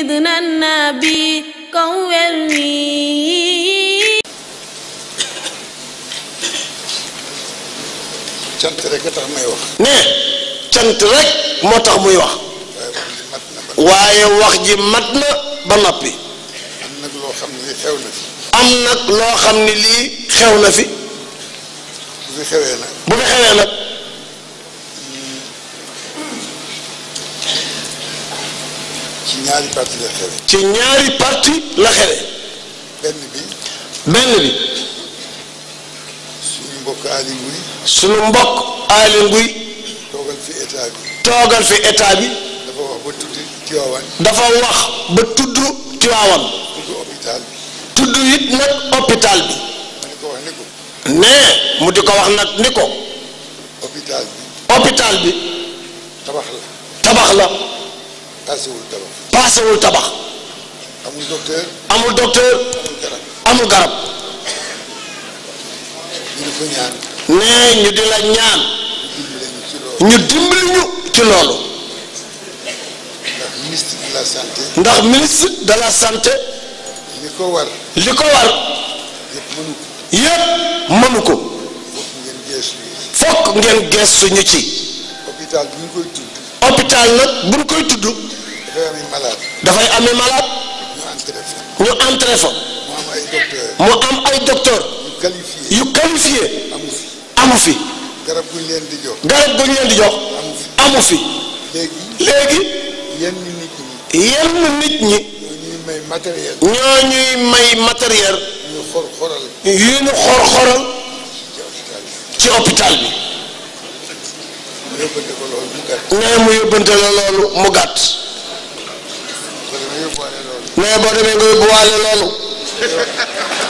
سيدنا النبي كوّل nii. cant rek a moo tax muy wax. waaye wax ji mat na ba noppi. am nag loo xam ne na fi. am xam ne lii xew na fi. bu fi xewee xewee nag. ñaari parti ci ñaari parti la xewe. benn bi. benn bi. mbokk Aly Ngouille. suñu mbokk Aly Ngouille. fi état bi. dafa wax ba tudd Tiwaawan. dafa wax ba tudd bi. tudd it nag hôpital bi. nee mu di ko wax nag ni ko. hôpital bi. tabax la. paasewul tabax. paasewul tabax. amul docteur. amul docteur. amul garab. nee ñu di la ñaan. ñu dimbali ñu ci loolu. ndax ministre de la santé. ndax ministre de la santé. li ko war. li ko yëpp mënu ko. fokk ngeen geestu ñu ci. hôpital bi ñu koy hôpital nag buñ koy tudd. dafay amee malade. dafay amee malade. ñu entré fa. mu am ay docteur yu qualifié. amu fi. garab guñ leen di jox. garab guñ leen di jox. amu fi. léegi. yenn nit ñi. yenn nit ñi. ñoo ñuy may matériel. yu ñu xor xoral. ci hôpital bi. nee mu yóbbante la loolu mu gàtt mais boo demee nga yóbbuwaale loolu